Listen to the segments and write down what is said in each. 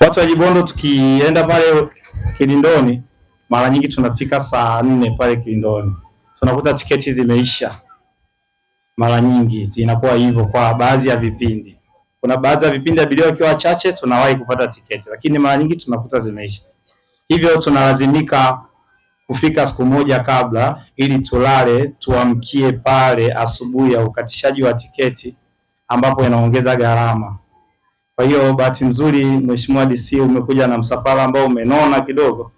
Watu wa Jibondo tukienda pale Kilindoni, mara nyingi tunafika saa nne pale Kilindoni, tunakuta tiketi zimeisha. Mara nyingi inakuwa hivyo kwa baadhi ya vipindi. Kuna baadhi ya vipindi abiria wakiwa wachache tunawahi kupata tiketi, lakini mara nyingi tunakuta zimeisha, hivyo tunalazimika kufika siku moja kabla ili tulale tuamkie pale asubuhi ya ukatishaji wa tiketi, ambapo inaongeza gharama. Kwa hiyo bahati nzuri, Mheshimiwa DC, umekuja na msafara ambao umenona kidogo,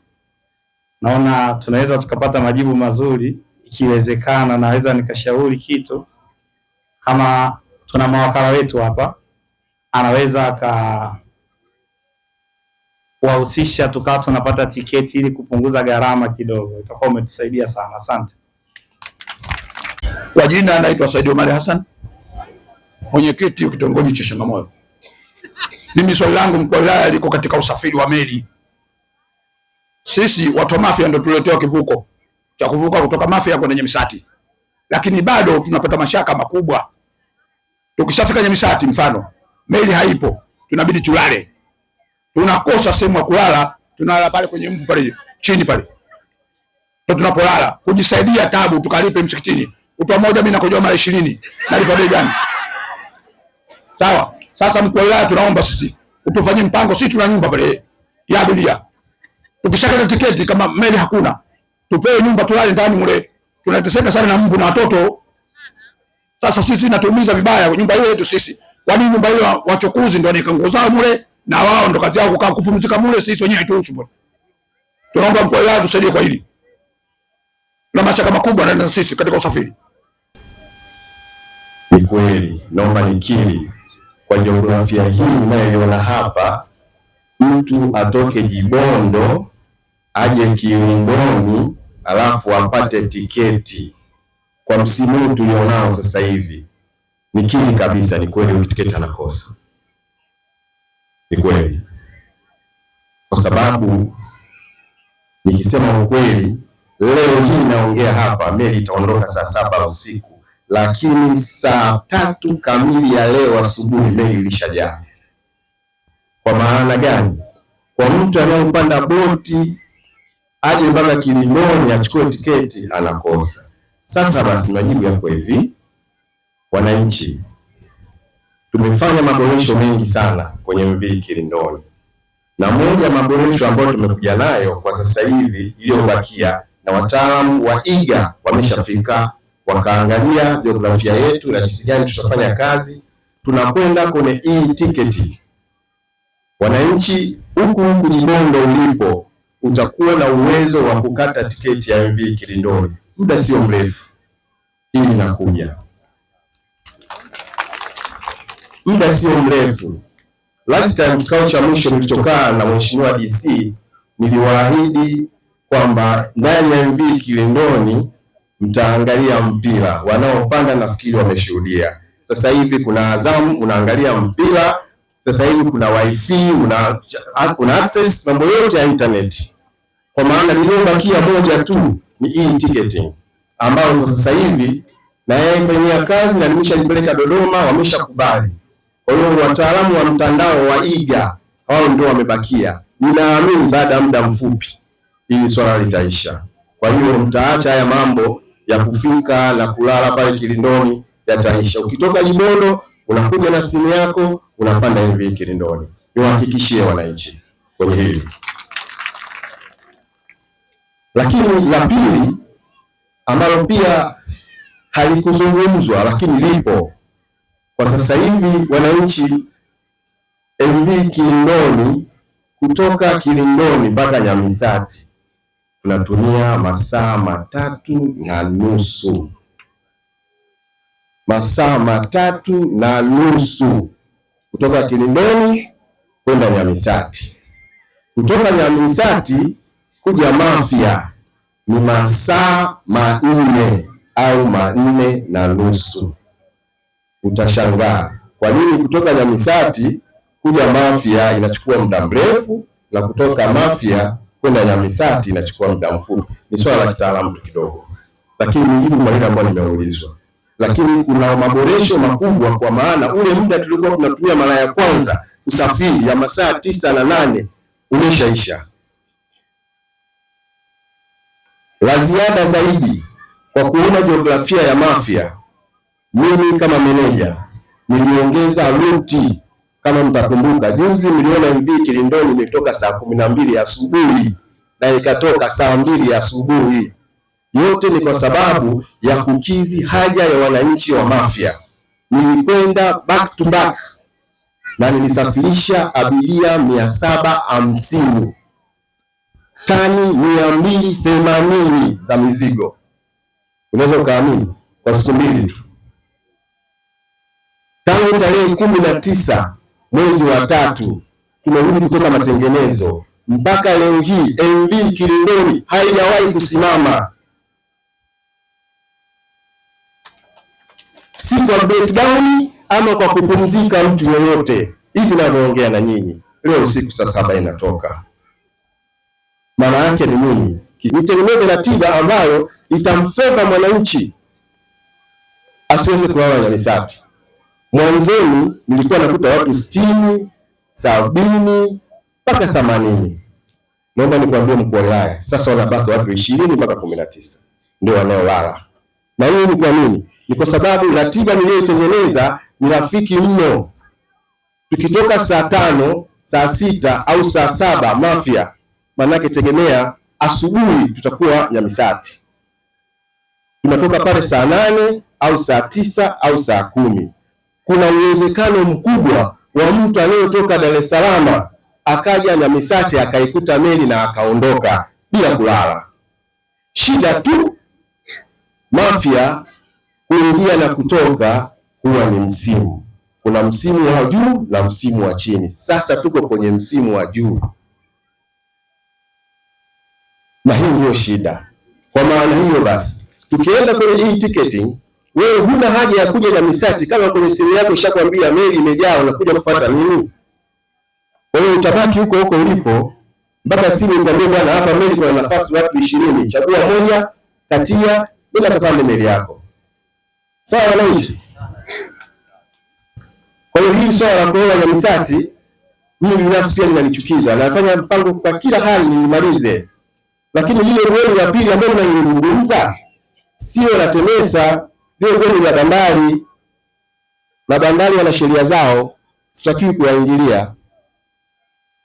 naona tunaweza tukapata majibu mazuri. Ikiwezekana naweza nikashauri kitu kama tuna mawakala wetu hapa, anaweza akawahusisha tukawa tunapata tiketi ili kupunguza gharama kidogo, itakuwa umetusaidia sana. Asante. Kwa jina anaitwa Said Omar Hassan, mwenyekiti wa kitongoji cha Changamoyo. Mimi swali langu mkuu wa wilaya liko katika usafiri wa meli. Sisi watu wa Mafia ndio tuletewa kivuko cha kuvuka kutoka Mafia kwenda Nyamisati, lakini bado tunapata mashaka makubwa. Tukishafika Nyamisati mfano, meli haipo, tunabidi tulale, tunakosa sehemu ya kulala, tunalala pale kwenye mbu pale chini pale, ndio tunapolala kujisaidia tabu, tukalipe msikitini. Utoa moja mimi nakojoa mara 20 nalipa bei gani? Sawa. Sasa mkuu wa wilaya tunaomba sisi utufanyie mpango, sisi tuna nyumba pale ya abiria, tukishakata tiketi kama meli hakuna, tupewe nyumba tulale ndani mule. Tunateseka sana na mbu na watoto. Sasa sisi natumiza vibaya nyumba hiyo yetu sisi. Kwa nini nyumba hiyo wachukuzi ndio wanaika nguo zao mule na wao ndio kazi yao kukaa kupumzika mule, sisi wenyewe haturuhusu bwana. Tunaomba mkuu wa wilaya tusaidie kwa hili. Na mashaka makubwa na sisi katika usafiri. Ni kweli, naomba nikiri kwa jiografia hii inayoiona hapa, mtu atoke Jibondo aje Kiungoni alafu apate tiketi kwa msimu huu tulionao sasa hivi, ni kili kabisa, ni kweli huyu tiketi anakosa, ni kweli, kwa sababu nikisema ukweli leo hii naongea hapa, meli itaondoka saa saba usiku lakini saa tatu kamili ya leo asubuhi meli ilishajaa. Kwa maana gani? Kwa mtu anayepanda boti aje mpaka Kilimoni achukue tiketi anakosa. Sasa basi, majibu yako hivi, wananchi, tumefanya maboresho mengi sana kwenye MV Kilindoni, na moja maboresho ambayo tumekuja nayo kwa sasa hivi iliyobakia, na wataalamu wa iga wameshafika wakaangalia jiografia yetu na jinsi gani tutafanya kazi. Tunakwenda kwenye hii e tiketi Wananchi huku huku jibondo ulipo, utakuwa na uwezo wa kukata tiketi ya MV Kilindoni muda sio mrefu. Hii inakuja muda sio mrefu. Last time kikao cha mwisho kilichokaa na mheshimiwa DC, niliwaahidi kwamba ndani ya MV Kilindoni mtaangalia mpira. Wanaopanda nafikiri wameshuhudia sasa hivi kuna Azam unaangalia mpira sasa hivi, kuna wifi una, una access mambo yote ya internet, kwa maana liliyobakia moja tu ni e-ticketing ambayo sasa hivi na yeye ifanyia kazi na nimeshalipeleka Dodoma, wameshakubali. Kwa hiyo wataalamu wa mtandao wa iga wao ndio wamebakia. Ninaamini baada ya muda mfupi ili swala litaisha, kwa hiyo mtaacha haya mambo ya kufika na kulala pale Kilindoni yataisha. Ukitoka Jibondo unakuja na simu yako unapanda hivi Kilindoni. Niwahakikishie wananchi kwenye hili. Lakini la pili ambalo pia halikuzungumzwa lakini lipo kwa sasa hivi, wananchi MV Kilindoni kutoka Kilindoni mpaka Nyamisati tunatumia masaa matatu na nusu, masaa matatu na nusu kutoka Kilindoni kwenda Nyamisati, kutoka Nyamisati kuja Mafia ni masaa manne au manne na nusu. Utashangaa kwa nini kutoka Nyamisati kuja Mafia inachukua muda mrefu na kutoka Mafia kwenda Nyamisati inachukua muda mfupi, ni swala la kitaalamu tu kidogo, lakini nijibu kwa ile ambayo nimeulizwa. Lakini kuna maboresho makubwa, kwa maana ule muda tulikuwa tunatumia mara ya kwanza usafiri ya masaa tisa na nane umeshaisha. La ziada zaidi, kwa kuona jiografia ya Mafia, mimi kama meneja niliongeza ruti kama mtakumbuka juzi mliona MV Kilindoni imetoka saa kumi na mbili asubuhi na ikatoka saa mbili asubuhi. Yote ni kwa sababu ya kukizi haja ya wananchi wa Mafia. Nilikwenda back to back na nilisafirisha abiria mia saba hamsini tani mia mbili themanini za mizigo. Unaweza ukaamini, kwa siku mbili tu, tangu tarehe kumi na tisa mwezi wa tatu, tumerudi kutoka matengenezo mpaka leo hii MV Kilindoni haijawahi kusimama. Si kwa breakdown ama kwa kupumzika mtu yoyote. Hivi navyoongea na nyinyi leo usiku saa saba inatoka. Maana yake ni nini? Nitengeneze ratiba ambayo itamfedha mwananchi asiweze kulala na misati mwanzoni nilikuwa nakuta watu sitini, sabini mpaka themanini. Naomba nikuambie mkuu wa wilaya, sasa wanabaki watu ishirini mpaka kumi na tisa ndio wanaolala. Na hiyo ni kwa nini? Ni kwa sababu ratiba niliyotengeneza ni rafiki mno. Tukitoka saa tano, saa sita au saa saba Mafia, maanake tegemea asubuhi tutakuwa Nyamisati, tunatoka pale saa nane au saa tisa au saa kumi kuna uwezekano mkubwa wa mtu aliyotoka Dar es Salaam akaja na Misate akaikuta meli na akaondoka bila kulala. Shida tu Mafia kuingia na kutoka huwa ni msimu. Kuna msimu wa juu na msimu wa chini. Sasa tuko kwenye msimu wa juu, na hii ndio shida. Kwa maana hiyo basi, tukienda kwenye hii ticketing wewe huna haja ya kuja na misati kama kwenye simu yako ishakwambia meli imejaa, unakuja kufuata nini? Kwa hiyo utabaki huko huko ulipo mpaka simu niambie, bwana, hapa meli kuna nafasi watu 20, chagua moja katia, nenda kapande meli yako. Sawa wananchi? Kwa hiyo hili swala la kuoa na misati mimi binafsi pia linanichukiza, nafanya mpango kwa kila hali nimalize. lakini lile rueli la pili ambalo nalizungumza sio la TEMESA vile vyombo vya bandari na bandari wana sheria zao, sitakiwi kuwaingilia.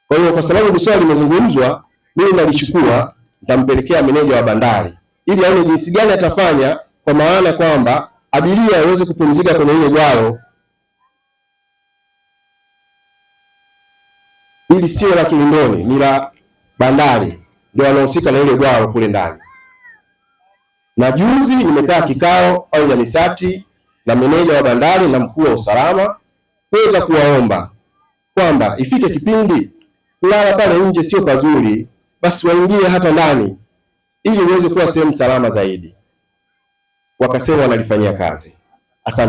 Kwa hiyo, kwa sababu ni swali limezungumzwa, mimi nalichukua, nitampelekea meneja wa bandari ili aone jinsi gani atafanya, kwa maana kwamba abiria aweze kupumzika kwenye ile gwaro ili sio la Kilindoni, ni la bandari ndio wanahusika na ile gwalo kule ndani. Na juzi imekaa kikao au namisati na meneja wa bandari na mkuu wa usalama kuweza kuwaomba kwamba ifike kipindi kulala pale nje sio pazuri, basi waingie hata ndani ili uweze kuwa sehemu salama zaidi. Wakasema wanalifanyia kazi. Asante.